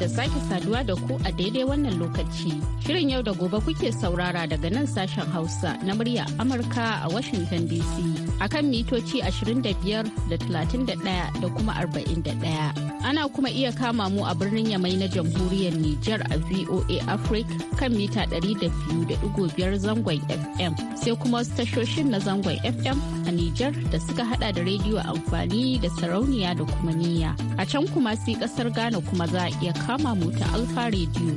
da sake saduwa da ku a daidai wannan lokaci. Shirin yau da gobe kuke saurara daga nan sashen Hausa na murya Amurka a Washington DC akan mitoci 25 da 31 da kuma 41. Ana kuma iya kama mu a birnin Yamai na jamhuriyar Nijar a VOA Africa kan mita 200.5 zangon FM sai kuma wasu tashoshin na zangon FM a Nijar da suka hada da rediyo amfani da sarauniya da kuma niyya. A can kuma sai kasar Ghana kuma za a iya kama mu ta Alfa Radio.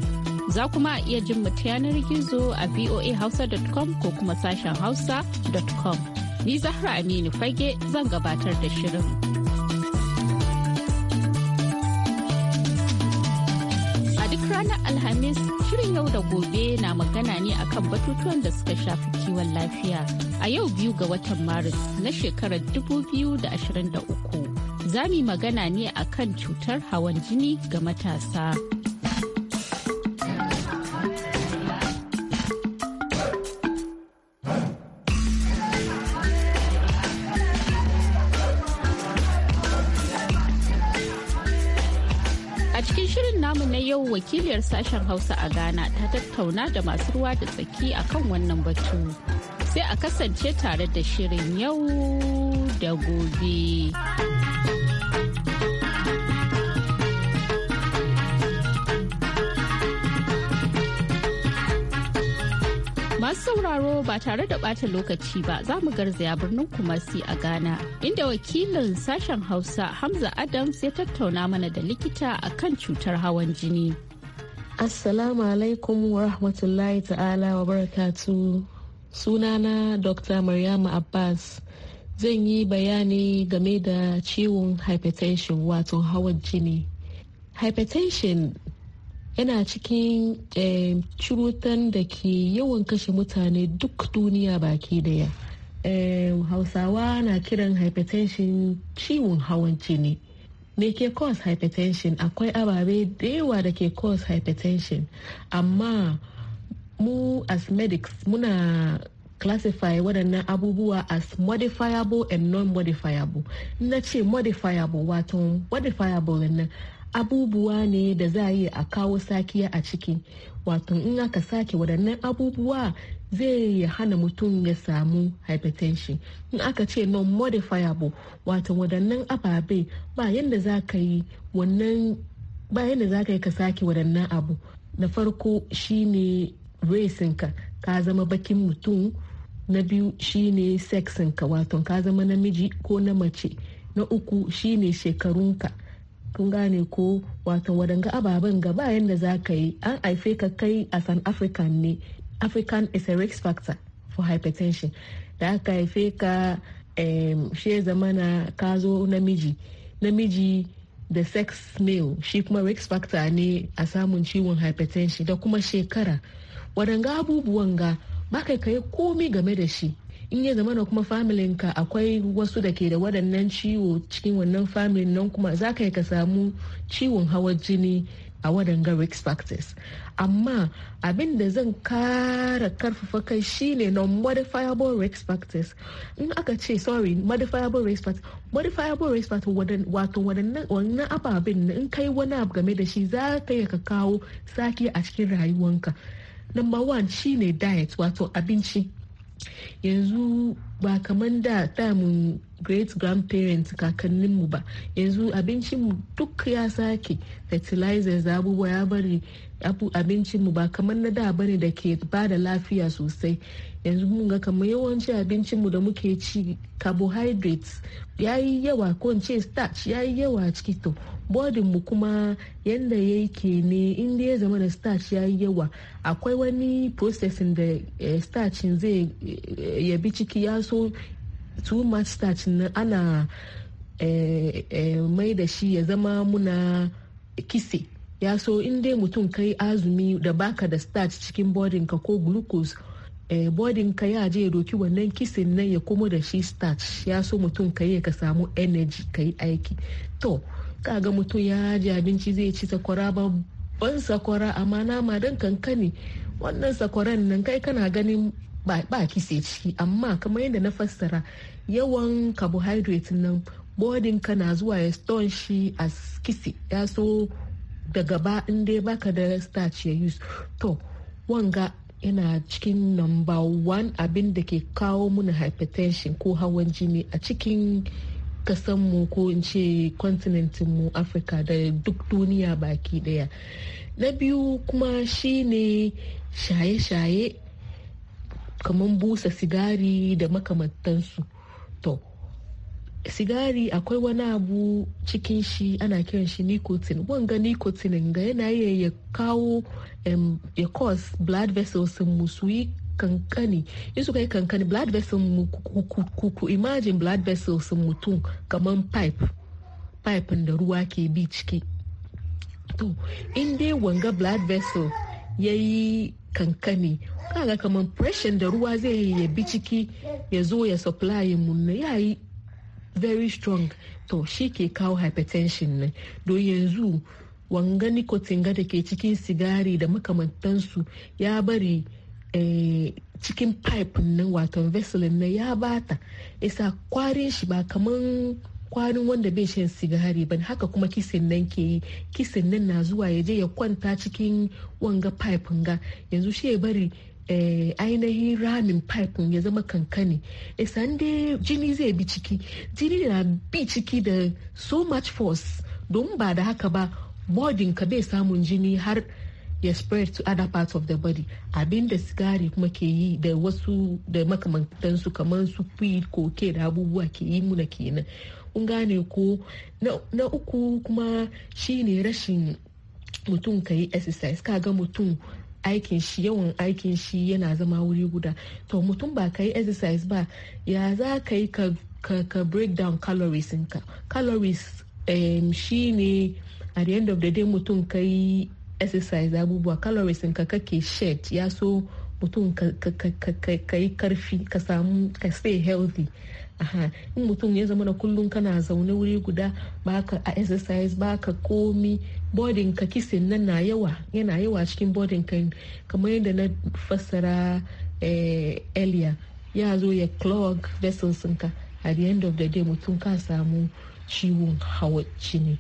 Za kuma a iya jin mu ta yanar gizo a voahausa.com ko kuma sashen hausa.com. Ni Zahra amini Fage zan gabatar da shirin. Alhamis shirin yau da gobe na magana ne akan batutuwan da suka shafi kiwon lafiya. A yau biyu ga watan Maris na shekarar 2023 za mu magana ne akan cutar hawan jini ga matasa. yau wakiliyar sashen Hausa a Ghana ta tattauna da masu ruwa da tsaki a kan wannan batu. Sai a kasance tare da shirin yau da gobe. Masu sauraro ba tare da ɓata lokaci ba za mu garzaya birnin Kumasi a Ghana, inda wakilin sashen Hausa Hamza Adams ya tattauna mana da likita akan cutar hawan jini. Assalamu alaikum wa rahmatullahi ta'ala wa barakatu. Sunana Dr. Maryama Abbas. Zan yi bayani game da ciwon hypertension wato hawan jini. Hypertension yana cikin eh, curutan da ke yawan kashe mutane duk duniya baki daya eh, hausawa na kiran hypertension ciwon hawan jini me ke cause hypertension akwai ababe da yawa da ke cause hypertension amma mu as medics muna classify waɗannan abubuwa as modifiable and non-modifiable na ce modifiable wato modifiable nan abubuwa ne da za yi a kawo sakiya a ciki wato in aka sake waɗannan abubuwa zai ya hana mutum ya samu hypertension in aka ce non modifiable wato waɗannan ababe ba yadda za ka yi ka yi sake waɗannan abu na farko shine resinka ka zama bakin mutum na biyu shine sexinka wato ka zama namiji ko na mace na uku shine shekarunka kun gane ko wato wadanga ababen gaba yadda za ka yi an haife ka kai a san african ne african is a risk factor for hypertension da aka haife ka um, she zamana ka zo namiji namiji the sex male shi kuma risk factor ne a samun ciwon hypertension da kuma shekara wadanga abubuwan ga ba kai komi game da shi in ya zama kuma familin ka akwai wasu da ke da waɗannan ciwo cikin wannan familin nan kuma za ka yi ka samu ciwon hawan jini a waɗanga risk factors amma abin da zan kara karfafa kai shine non modifiable risk factors in aka ce sorry modifiable risk factors modifiable risk factors wato wannan ababen in kai wani abu game da shi za ka yi ka kawo sake a cikin rayuwanka number one shine diet wato abinci yanzu ba kamar da damun great grandparents kakanninmu ba yanzu abincinmu duk ya sake fertilizers abubuwa ya bari abincin mu ba kamar na da bane da ke ba da lafiya sosai yanzu mun ga kamar yawanci abincin mu da muke ci carbohydrates ya yi yawa ko ce starch ya yi yawa a ciki to bodin mu kuma yanda ke ne inda ya zama da starch ya yi yawa akwai wani processing da eh, starch zai eh, yabi ciki ya so too much starch ana eh, mai da shi ya zama muna kise ya so in dai mutum kai azumi da baka da starch cikin bodinka ko glucose eh, ka ya je ya doki wannan kisin nan ya kuma da shi starch ya so mutum ka yi ka samu energy ka aiki to kaga mutum ya ji abinci zai ci sakwara babban sakwara amma nama don kankani wannan sakwaran nan kai kana ganin ba, kise ciki amma kamar yadda na fassara yawan carbohydrate nan ka na zuwa ya stone shi a kise ya so da gaba in dai baka da starch ya use to wanga yana cikin number one abin da ke kawo muna hypertension ko hawan jini a cikin kasanmu ko in ce mu afirka da duk duniya baki daya na biyu kuma shine shaye-shaye kamar busa sigari da makamantansu to sigari akwai wani abu cikin shi ana kiran shi nicotine wanga nicotine ga yana iya ya kawo ya cause blood vessels mu su yi kankani in suka kankani blood vessels mu ku imagine blood vessels mutum kamar pipe pipe da ruwa ke bi ciki to in dai wanga blood vessel ya yi kankani kaga kamar pressure da ruwa zai yi ya bi ciki ya zo ya supply mu ya yi very strong to shi ke kawo hypertension ne don yanzu wanga nicotine ga da ke cikin sigari da makamantansu ya bari eh, cikin pipe nan wato vessel na ya bata isa kwarin shi ba kaman kwanin wanda bai shan sigari ba haka kuma kisin nan ke yi kisin nan na zuwa ya je ya kwanta cikin wanga pipe ga yanzu shi ya bari Eh, ainihin ramin pipe ya zama kankani isan eh, dai jini zai bi ciki jini na bi ciki da so much force don ba da haka ba bodin ka bai samun jini har ya spread to other parts of the body abinda sigari kuma ke yi da wasu da makamantansu kamar su weed koke da abubuwa ke yi muna kenan kun gane ko na uku kuma shine rashin mutum ka yi exercise kaga mutum aikin shi yawan aikin shi yana zama wuri guda to mutum ba ka yi exercise ba ya za ka yi ka break down calories ka calories um, shi ne at the end of the day mutum ka yi exercise abubuwa calories ka kake shed ya so mutum ka yi karfi ka samu ka stay healthy aha in mutum ya zama na kullum kana zaune wuri guda ka a exercise ba ka komi bodin ka kisin nan na yawa yana yawa cikin bodin ka kamar yadda na fassara eh, earlier ya zo ya clog vessels ka at the end of the day mutum ka samu ciwon hawa ne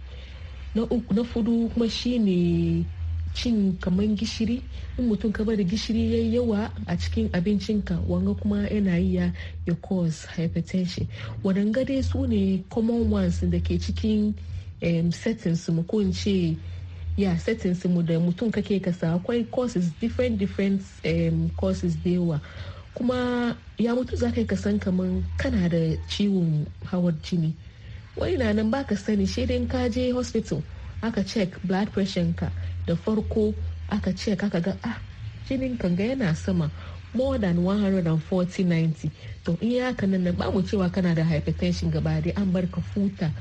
na na fudu kuma shine cin kamar gishiri in mutum ka bari gishiri yayi yawa a cikin abincinka wanga kuma yana yi ya ya cause hypertension wadanga dai su ne common ones da ke cikin settings mu ko in ce ya settings mu da mutum kake kasa akwai courses different different um, courses da yawa kuma ya mutu za ka yi kasan kaman kana da ciwon hawar jini wani na nan baka sani shi dai ka je hospital aka check blood pressure ka da farko aka check aka ga ah jinin kanga yana sama more than 140-90 to in haka nan na mu cewa kana da hypertension gaba dai an bar ka futa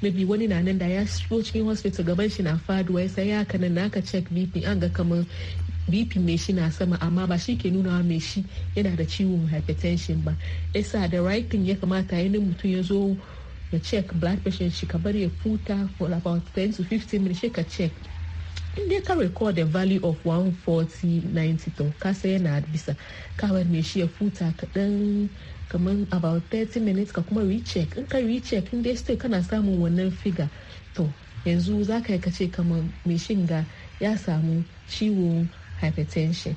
maybe wani na nan da ya shigo cikin hospital gaban shi na faduwa ya sai haka nan naka check bp an ga kamar bp mai shi na sama amma ba shi ke nuna mai shi yana da ciwon hypertension ba isa da right ya kamata yanin mutum ya zo ya check blood pressure shi ka bar ya futa for about 10 to 15 minutes shi ka check dai ka record the value of 140.90 to kasa yana bisa ka bar mai shi ya futa kaɗan kamar about 30 minutes ka kuma recheck in ka recheck in dai still kana samun wannan figure to yanzu za ka yi kace kamar mai shinga ya samu ciwon hypertension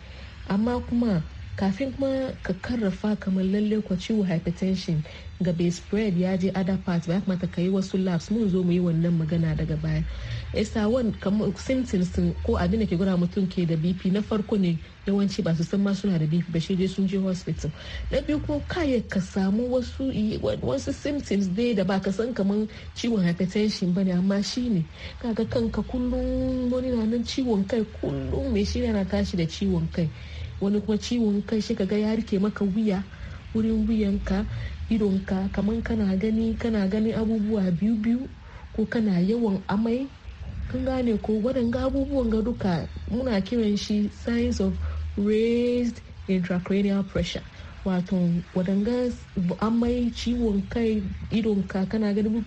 amma kuma kafin kuma ka karrafa kamar lalle kwa ciwo hypertension ga bai spread ya je other part ba ya kamata ka yi wasu labs mun zo mu yi wannan magana daga baya isa wan kamar symptoms ko abin da ke gura mutum ke da bp na farko ne yawanci ba su san ma suna da bp ba shi dai sun je hospital na biyu ko kaya ka samu wasu wasu symptoms dai da ba ka san kamar ciwon hypertension ba ne amma shi ne kaga kanka kullum wani na nan ciwon kai kullum mai shi na tashi da ciwon kai wani kuma ciwon kai shi ga ya rike maka wuya wurin wuyanka idonka kamar kana gani kana gani abubuwa biyu biyu ko kana yawan amai kan gane ko waɗanga abubuwan ga duka muna kiran shi signs of raised intracranial pressure wato waɗanga amai ciwon kai idonka kana gani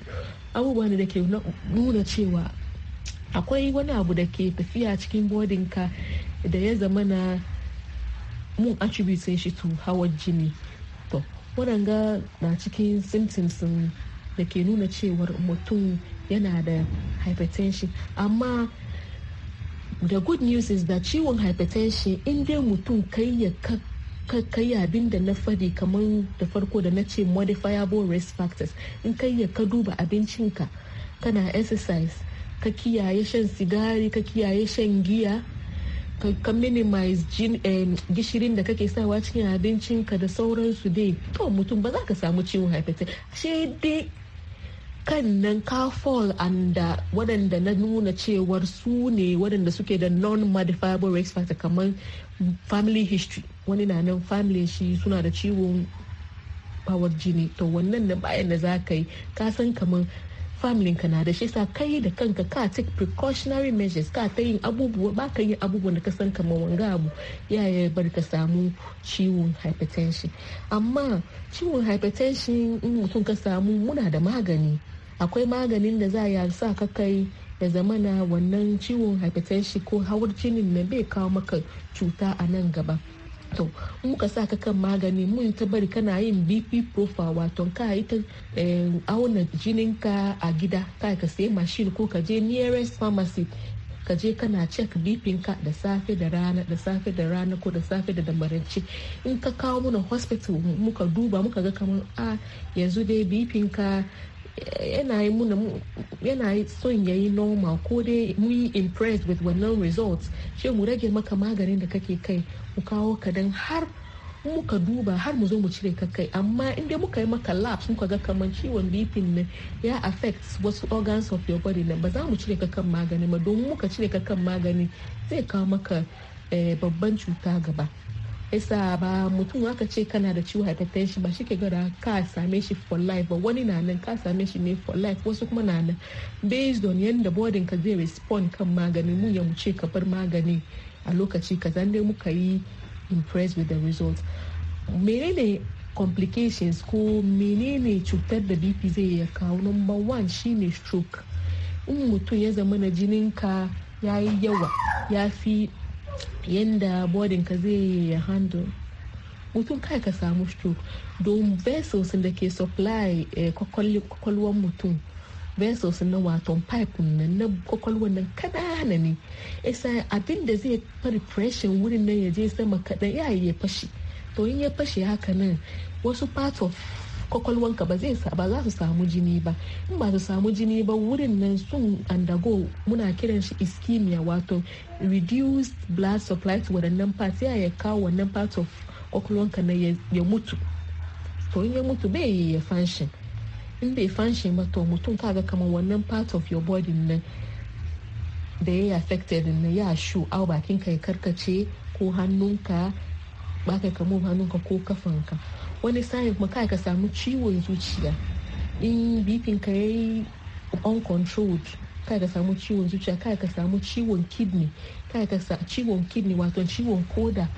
abubuwa da ke nuna cewa akwai wani abu da ke tafiya cikin bodinka da ya zama na mun attribute shi to hawan jini to waɗanga na cikin symptoms da ke nuna cewar mutum yana da hypertension amma the good news is that ciwon hypertension in dai mutum kai ya kai abin da na fadi kamar da farko da na ce modifiable risk factors in kai ya ka duba abincinka kana exercise ka kiyaye shan sigari ka kiyaye shan giya ka minimize eh, gishirin da kake sawa cikin abincinka da sauransu dai to mutum ba za ka samu ciwon hepatitis shi dai kan nan fall anda waɗanda na nuna cewar su ne waɗanda suke da non-modifiable risk factor kamar family history wani na nan family shi suna da ciwon power jini to wannan na bayan da za ka yi kasan kamar familin ka na da shi sa kai da kanka ka take precautionary measures ka ta yin abubuwa ba ka yin abubuwan da ka san kamar wanga abu yaya ya bar ka samu ciwon hypertension amma ciwon hypertension in mutum ka samu muna da magani akwai maganin da za a sa ka kai ya zama na wannan ciwon hypertension ko hawar jinin na bai kawo maka cuta a nan gaba to in ka sa ka kan magani mun ta bari kana yin bp profile wato ka yi ta eh, auna jinin ka a gida ka ka sayi mashin ko ka je nearest pharmacy ka je kana cek bipinka da safe da rana da safe da rana ko da safe da damarance in ka kawo muna hospital muka duba muka ga kamar a yanzu dai ka eh, yana yi son ya yi normal ko dai muyi yi impressed with wannan results shi mu rage maka maganin da kake kai mu kawo ka dan har muka duba har mu zo mu cire ka kai amma inda muka yi maka labs muka ga kamar ciwon bp ne ya affect wasu organs of your body ba za mu cire ka kan magani ba domin muka cire ka kan magani zai kawo maka eh, babban cuta gaba isa ba mutum aka ce kana da ciwon hypertension ba shi ke gara ka same shi for life ba wani na nan ka same shi ne for life wasu kuma na nan based on yadda bodin ka zai respond kan magani mu ya mu ce ka bar magani a lokaci kaza ne muka yi impressed with the result menene complications ko menene cutar da bp zai ya kawo number one shine stroke in mutum ya zama na jininka ya yi yawa ya fi yadda ka zai handle mutum kai ka samu stroke don vessels da ke supply eh, kwakwalwan mutum vessels na wato pipe nan na kwakwalwar nan kanana ne isa abin da zai fari pressure wurin nan ya je sama kaɗan ya ya fashe to in ya fashe haka nan wasu part of ka ba zai ba za su samu jini ba in ba su samu jini ba wurin nan sun undergo muna kiran shi ischemia wato reduced blood supply to waɗannan part ya ya kawo wannan part of ka na ya mutu to in ya mutu bai ya function in bai fanshe mato mutum kaga kamar wannan part of your body nan da ya affected na ya shu au bakin ka ya karkace ko hannunka baka ka move hannunka ko kafanka wani sa'in kuma kai ka samu ciwon zuciya in bipin ka yayi uncontrolled kai ka samu ciwon zuciya kai ka samu ciwon kidney kai ka samu ciwon kidney wato ciwon koda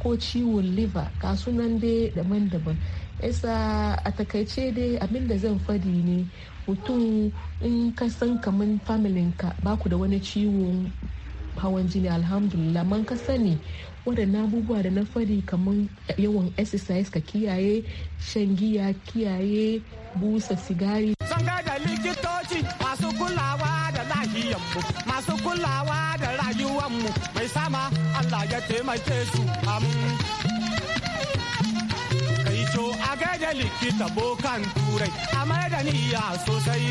ko ciwon liver ka sunan dai daban-daban isa a takaice dai abin da zan fadi ne mutum in ka san kamar ka ba ku da wani ciwon hawan jini alhamdulillah man ka sani waɗannan abubuwa da na fari kamar yawan exercise ka kiyaye shan giya kiyaye busa sigari sun likitoci masu kulawa da lahiyanmu masu kulawa da rayuwanmu mai sama allah ya taimake su amin kai da likita bokan turai a mai da niyya sosai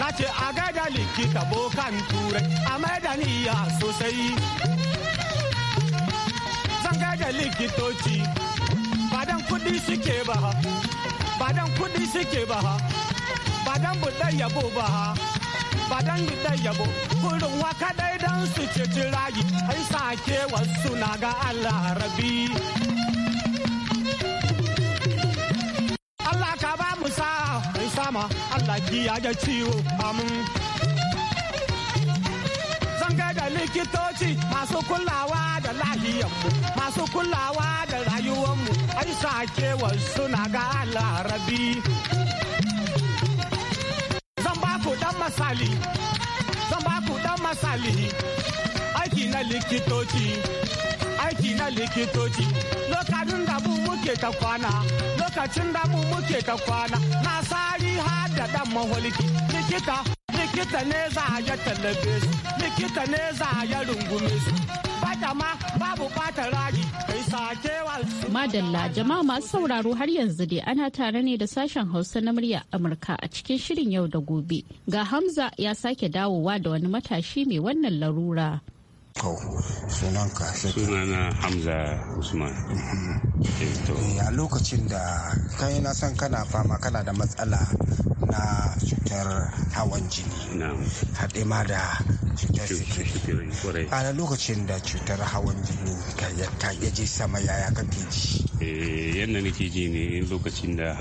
na ce a kai da likita bokan turai a mai da niyya sosai zan kai da likitoci badan kudi suke ba ha badan kudi suke ba ha badan budar yabo ba ha badan budar yabo kurin waka dai dan su ce rayu an sake wasu na ga Allah rabi. ma Allah ya da ciwo amin. Zan da likitoci masu kulawa da lahiyanmu, masu kulawa da rayuwanmu, ai sakewar suna ga larabi. Zan ba ku dan masali, zan ba ku dan masali, aiki na likitoci. aiki na likitoci lokacin da mu muke ta kwana lokacin da mu muke ta kwana na sari har da dan maholiki likita likita ne za a ya tallafe su likita ne za a ya rungume su ma babu bata ragi kai sakewa madalla jama'a masu sauraro har yanzu dai ana tare ne da sashen hausa na murya amurka a cikin shirin yau da gobe ga hamza ya sake dawowa da wani matashi mai wannan larura Kau sunanka sai sunana Hamza Usman. Mhm. Eh, eh, a lokacin da kai na san kana fama kana da matsala na cutar hawan jini. Haɗe ma da cutar sikiri. A lokacin da cutar hawan jini ka je sama yaya kake ji. Eh, yadda nake ji ne lokacin da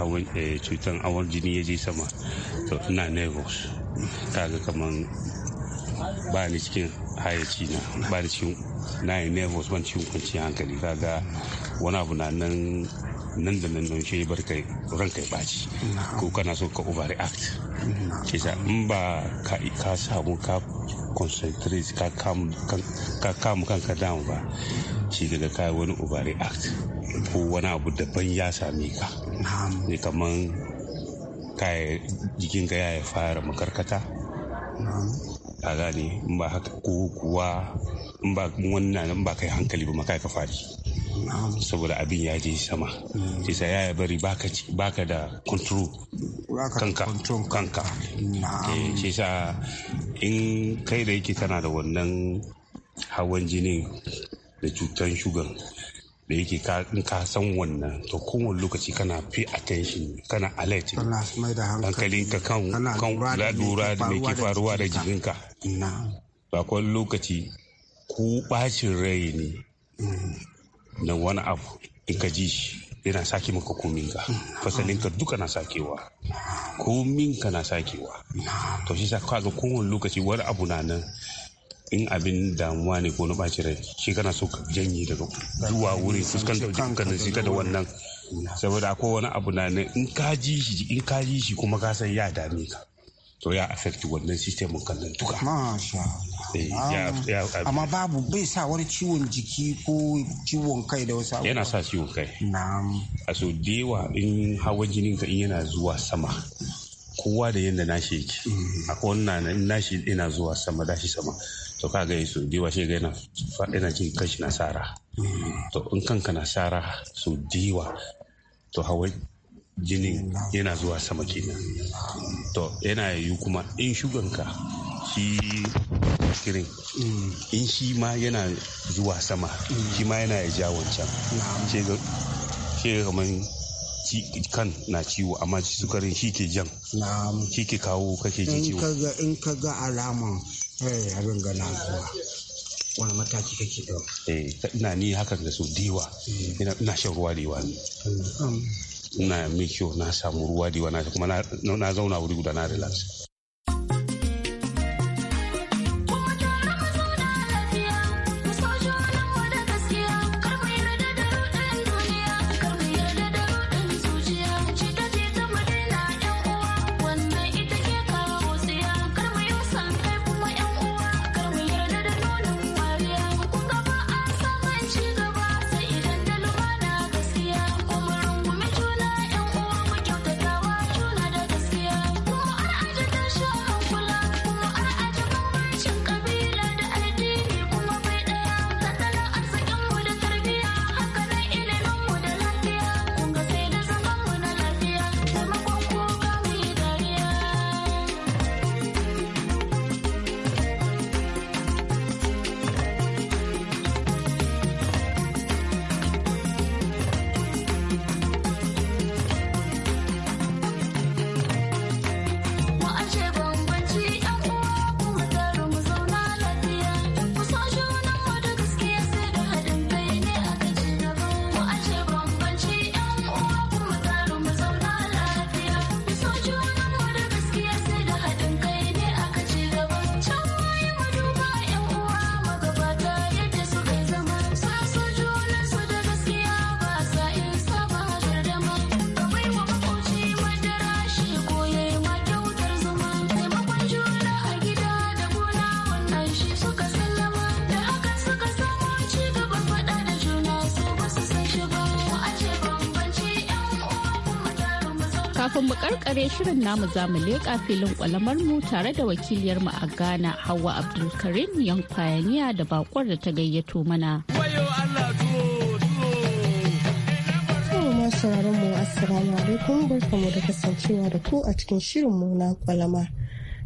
cutar hawan jini ya je sama to ina nervous kaga kamar ba ni cikin hayaci na ba ni cikin na yi nervous ban cikin kwanciyar hankali kaga wani abu na nan nan da nan don shi bar kai ran kai baci ko kana so ka overreact sa in ba ka samu ka concentrate ka kam kanka down ba shi daga kai wani overreact ko wani abu daban ya same ka ne kaman ka ya fara makarkata a gane in ba haka ko kuwa in ba wannan in ba kai hankali ba makai ka fari saboda abin ya je sama mm. shi ya ya bari baka da control kanka kanka eh, shi sa in kai da yake tana da wannan hawan jini da cutan shugan da yake in ka san wannan to kowane lokaci kana pay attention kana alert hankalinka kan kan lura da me ke faruwa da jikinka ba kwan lokaci ku bacin rai ne mm. na wani abu in ka ji shi yana sake maka kominka mm, fasalinka duka na sakewa kominka na sakewa to shi sa kaga kowane lokaci wani abu na nan in abin damuwa ne ko na ɓaci rai shi kana so ka janye daga zuwa wuri fuskantar da shi da wannan saboda akwai wani abu na ne in ka ji shi in ka ji shi kuma ka san ya dame ka to ya affect wannan system kallon duka eh, amma babu bai sa wani ciwon jiki ko ciwon kai da wasu yana sa ciwon kai a so dewa in hawan jinin ka in yana zuwa sama kowa da yadda nashi yake mm. akwai wannan nashi ina zuwa sama dashi sama to ka gani su diwa shi faɗi na jin kashi na sara to in kanka na sara su diwa to hawa jinin yana zuwa sama kenan to yana yi kuma in shuganka shi kirin in shi ma yana zuwa sama shi ma yana ya ja wancan shi kamar kan na ciwo amma sukarin shi ke jan shi ke kawo kake ke ciwo in ka ga alama eh abin gana kuwa wani mataki kake dauka eh ina ni hakan da su diwa eh. ina shan ruwa diwa mm. ina mai na samu ruwa diwa na kuma na zauna wuri guda na relax kafin mu karkare shirin namu za mu leƙa filin kwalamar mu tare da wakiliyar mu a Ghana Hauwa Abdulkarim kwayaniya da bakwar da ta gayyato mana. sauraron mu assalamu alaikum barkamu da kasancewa da ku a cikin shirin mu na kwalama.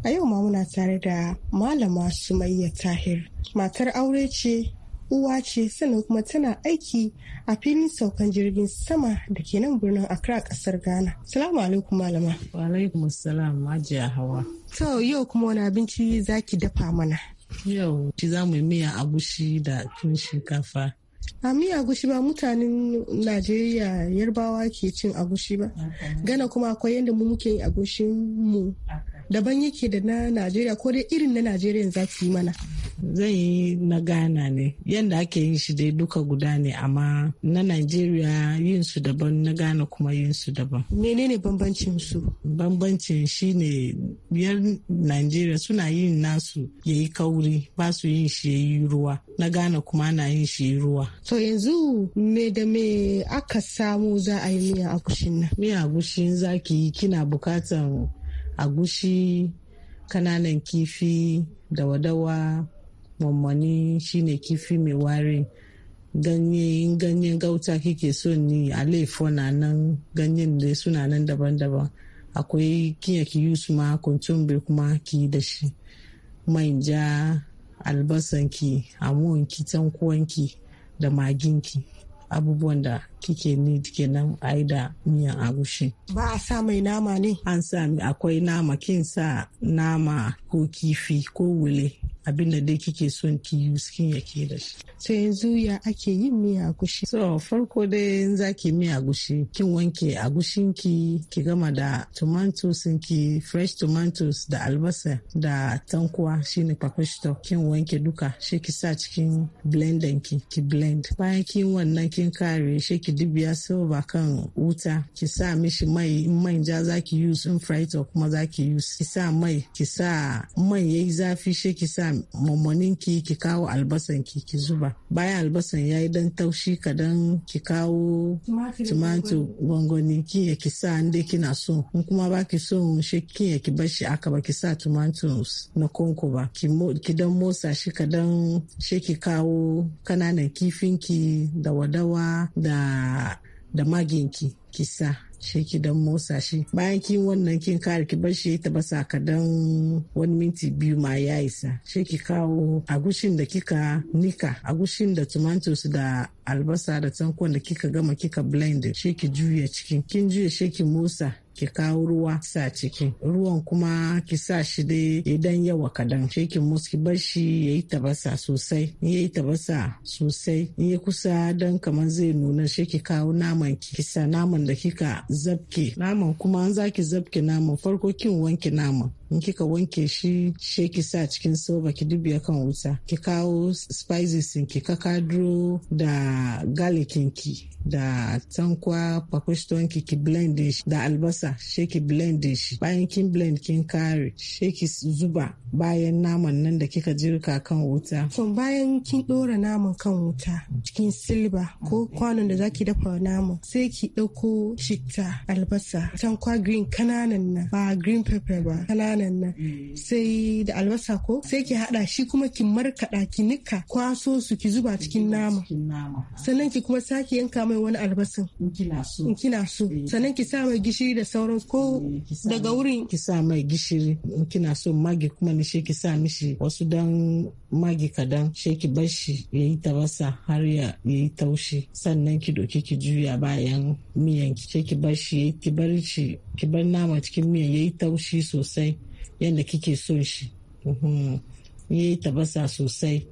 A yau ma muna tare da Malama Sumayya Tahir. Matar aure ce uwa ce sannan kuma tana aiki a filin saukan jirgin sama da ke nan birnin Accra kasar Ghana. Salamu alaikum malama. Wa alaikum assalam majiya Hawa. To yau kuma wani abinci zaki dafa mana. Yau ci za mu yi miya agushi da tun shinkafa. A miya agushi ba mutanen Najeriya yarbawa ke cin agushi ba. Gana kuma akwai yadda mu muke yin agushin mu. daban yake da na najeriya ko dai irin na najeriya za su yi mana zan yi na ghana ne yadda ake yin shi dai duka guda ne amma na najeriya yin su daban na ghana kuma yin su daban menene bambancin su bambancin shine biyar najeriya suna yin nasu ya yi kauri ba su yin shi ya yi ruwa na ghana kuma na yin shi ya ruwa to yanzu me da me aka samu za a yi miya agushin nan miya agushin yi kina bukatan agushi kananan kifi da wadawa mamani shine kifi mai ware ganye ganyen gauta kike so ni alefo na nan ganyen da suna nan daban-daban akwai kiya ki yusu ma kuntumbe kuma ki da shi manja albasanki amonki tankuwanki da maginki abubuwan da kike ni kenan nan, da miyan agushi. Ba a sa mai nama ne? An sami akwai nama kin sa nama ko kifi ko wule abin da dai kike son ki yi skin yake da shi. To yanzu ya ake yin miya gushi. So farko dai in za ki miya gushi kin wanke agushinki ki ki gama da tomatoes ki fresh tomatoes da albasa da tankuwa shine pakoshito kin wanke duka shi ki sa cikin blender ki ki blend. Bayan kin wannan kin kare shi ki dibiya silva kan wuta ki sa mishi mai in ja za ki use in fry kuma za ki use ki sa mai ki sa man yayi zafi shi ki sa mamaninki ki ki kawo albasan ki ki zuba bayan albasan ya yi dan taushi kadan ki kawo tumatir gwangwani ki ya ki sa inda kina so in kuma ba ki so shi ki ya ki bashi aka ba ki sa tomatoes na konko ba ki dan motsa shi kadan shi ki kawo kananan kifinki da wadawa da da maginki ki sa shi dan motsa shi bayan kin wannan kin kare ki bar shi ya taba sakadan wani minti biyu ma ya isa shi ki kawo agushin da kika nika agushin da tomatoes da albasa da tankon da kika gama kika blend shi ki juya cikin kin juya shi ki motsa ki kawo ruwa sa ciki ruwan kuma ki sa shi dai idan yawa kadan sai ki musu bar shi yayi tabasa sosai in yi tabasa sosai in ya kusa dan kamar zai nuna sai ki kawo naman ki Kisa naman da kika zabke naman kuma an zaki zabke naman farko kin wanke naman in kika wanke shi she ki sa cikin soba ki dubiya kan wuta ki kawo spices ki kakadro da garlic ki da tankwa pakwashton ki ki blend shi da albasa she ki blend shi bayan kin blend kin kare she ki zuba bayan naman nan da kika jirka kan wuta so bayan kin dora naman kan wuta cikin silba ko kwanon da zaki dafa naman sai ki dauko shitta albasa tankwa green kananan nan ba green pepper ba kananan kananan nan mm. sai da albasa ko sai ki haɗa shi kuma ki markaɗa ki nika kwaso su ki zuba cikin nama sannan ki kuma sake yanka mai wani albasan in kina so eh. sannan ki sa mai gishiri da sauran ko eh, daga wurin ki sa mai gishiri in kina so magi kuma ni ki sa mishi wasu dan magi kadan ki bar shi ya tabasa har ya yi taushi sannan ki doki ki juya bayan miyan ki sheki bar shi bar shi ki bar nama cikin miyan yayi taushi sosai yadda kike son shi ya mhm. yi tabasa sosai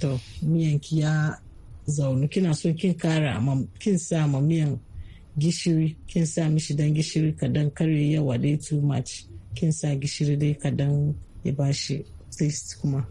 to miyanki ya zaunu kina so kin kara kin sa ma miyan gishiri kin sa mishi dan gishiri kadan kare yawa dai too much kin sa gishiri dai kadan ya bashi taste kuma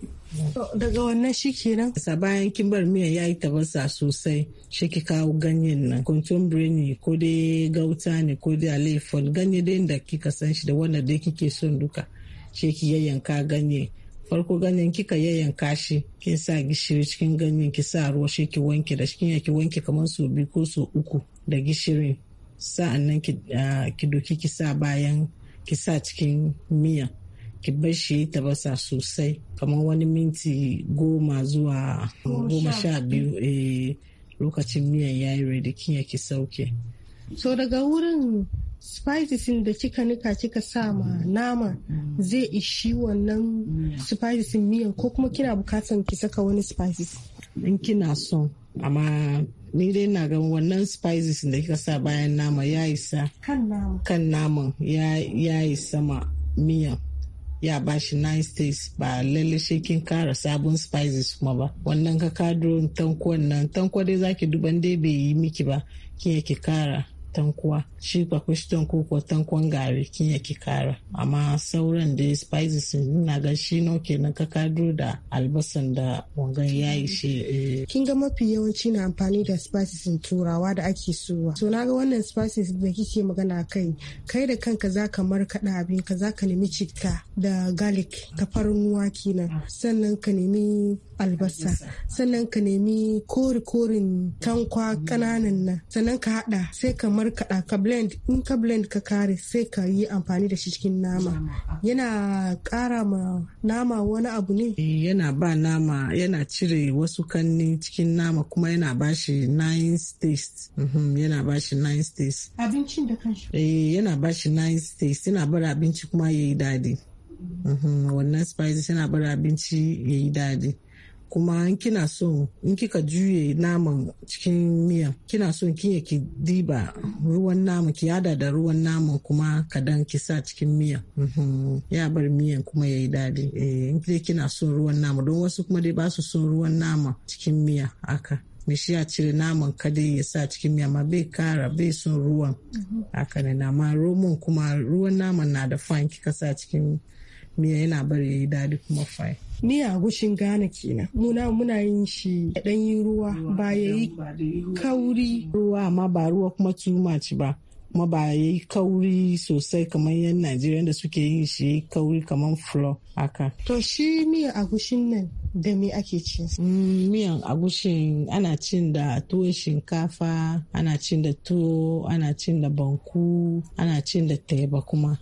daga wannan shi kenan sa bayan kin bar miyan ya yi tabasa sosai shi ki kawo ganyen nan contemporary ne ko dai gauta ne ko dai alefon. ganye dai da kika san shi da wanda dai kike son duka ce ki yayyanka ganye farko ganyen kika yayyanka shi kin sa gishiri cikin ganyen ki sa ruwa shi ki wanke da shi ki wanke kamar su biyu ko su uku da gishirin sa'annan ah, ki doki ki sa bayan ki sa cikin miya ki bar shi ya tabasa sosai kamar wani minti goma zuwa goma sha biyu eh, lokacin miyan yayi ready kin ya ki sauke so daga wurin spices da kika nika kika sa ma nama zai ishi wannan spices miyan ko kuma kina bukatan ki saka wani spices in kina so amma ni dai na ga wannan spices da kika sa bayan nama ya isa kan nama ya isa ma miyan ya ba shi nine states ba lalle shi kin kara sabon spices kuma ba wannan ka kadro tankon nan tankon dai zaki duban dai bai yi miki ba kin ki kara tankuwa shi akwai shi tanko ko tankon gari kin ya kara amma sauran da spices ina ga shi no kenan ka kado da albasan da wangan yayi shi eh. kin ga mafi yawanci na amfani da spices turawa da ake sowa so na ga wannan spices da kike magana kai kai da kanka zaka markaɗa abin ka zaka nemi citta da garlic tafarnuwa kenan ah. sannan ka nemi albasa sannan ka nemi kori korin tankwa kananan nan sannan ka hada sai ka markada ka blend in ka blend ka kare sai ka yi amfani da shi cikin nama ah. yana kara ma nama wani abu ne eh, yana ba nama yana cire wasu kanni cikin nama kuma yana ba shi nine states mhm, yana ba shi nine states abincin da kanshi eh, yana ba shi nine states yana bar abinci kuma ya yi dadi mhm, wannan spices yana bar abinci ya yi dadi kuma in kina so in kika juye naman cikin miya kina so kin ya ki diba ruwan naman ki yada da ruwan naman kuma dan ki sa cikin miya mhm. ya bar miyan kuma yayi dadi eh in dai kina so ruwan nama don wasu kuma dai ba su so ruwan nama cikin miya aka me shi ya cire naman kadai ya sa cikin miya ma bai kara bai son ruwan mhm. haka ne na ma roman kuma ruwan naman na da fan kika sa cikin miya yana bari ya yi daɗi kuma fai. Ni a gushin Ghana kenan. Muna muna yin shi ya ɗan yi ruwa ba ya yi kauri ruwa amma ba ruwa kuma tumaci ba. Kuma ba ya yi kauri sosai kamar yan Najeriya da suke yin shi kauri kamar flo haka. To shi miya a gushin nan da me ake ci. Mm, miyan agushin ana cin da tuwon shinkafa ana cin da tuwo ana cin da banku ana cin da teba kuma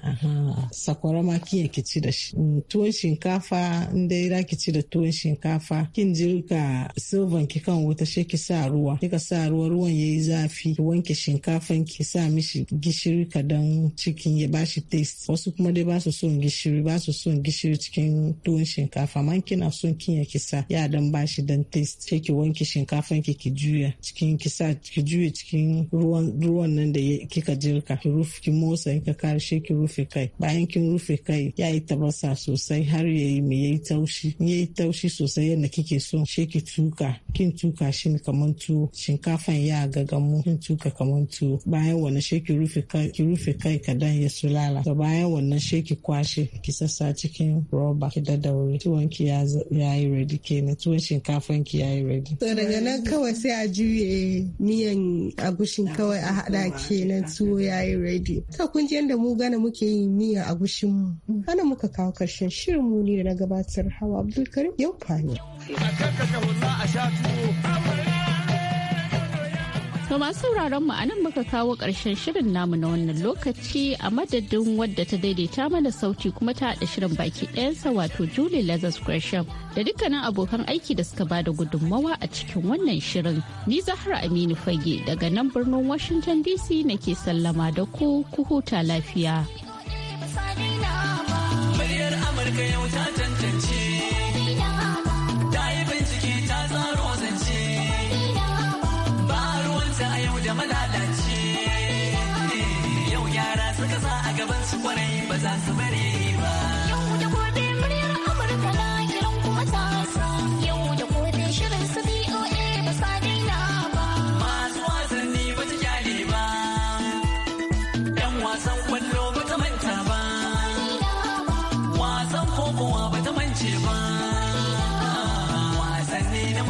sakwara ma kin ki ci da shi mm, tuwon shinkafa in dai za ki ci da tuwon shinkafa kin jirka silvan ki kan wuta shi ki sa ruwa kika sa ruwa ruwan yayi zafi ki wanke shinkafan ki sa mishi gishiri kadan cikin ya bashi taste wasu kuma dai ba su son gishiri ba su son gishiri cikin tuwon shinkafa man kina son kin ya kisa ya dan bashi dan taste sai ki wanke shinkafa ki ki juya cikin kisa ki juya cikin ruwan ruwan nan da kika jirka ki rufe ki motsa in ka shi ki rufe kai bayan kin rufe kai ya yi tabasa sosai har ya yi mai yayi taushi in yi taushi sosai yadda kike so sai ki tuka kin tuka shi kaman tuwo shinkafan ya gagamu kin tuka kaman tuwo bayan wannan sai ki rufe kai ki rufe kai kadan ya sulala to bayan wannan sai ki kwashe ki sassa cikin roba ki daddaure tuwon ki ya yi ready kenan tuwon shinkafan ki yayi ready to daga nan kawai sai a juye miyan agushin kawai a hada kenan tuwo yayi ready to kun ji yanda mu gana muke yin miyan agushin mu ana muka kawo karshen shirin mu ne da na gabatar hawa abdulkarim yau fani a sha tuwo Ga masu sauraron mu anan muka kawo ƙarshen shirin namu na wannan lokaci a madadin wadda ta daidaita mana sauti kuma ta haɗa shirin baki ɗayansa wato Julie Lazarus Gresham da dukkanin abokan aiki da suka bada gudunmawa a cikin wannan shirin. Ni Zahra Aminu Fage daga nan birnin Washington DC nake sallama da ku ku huta lafiya. Muryar Amurka yau ta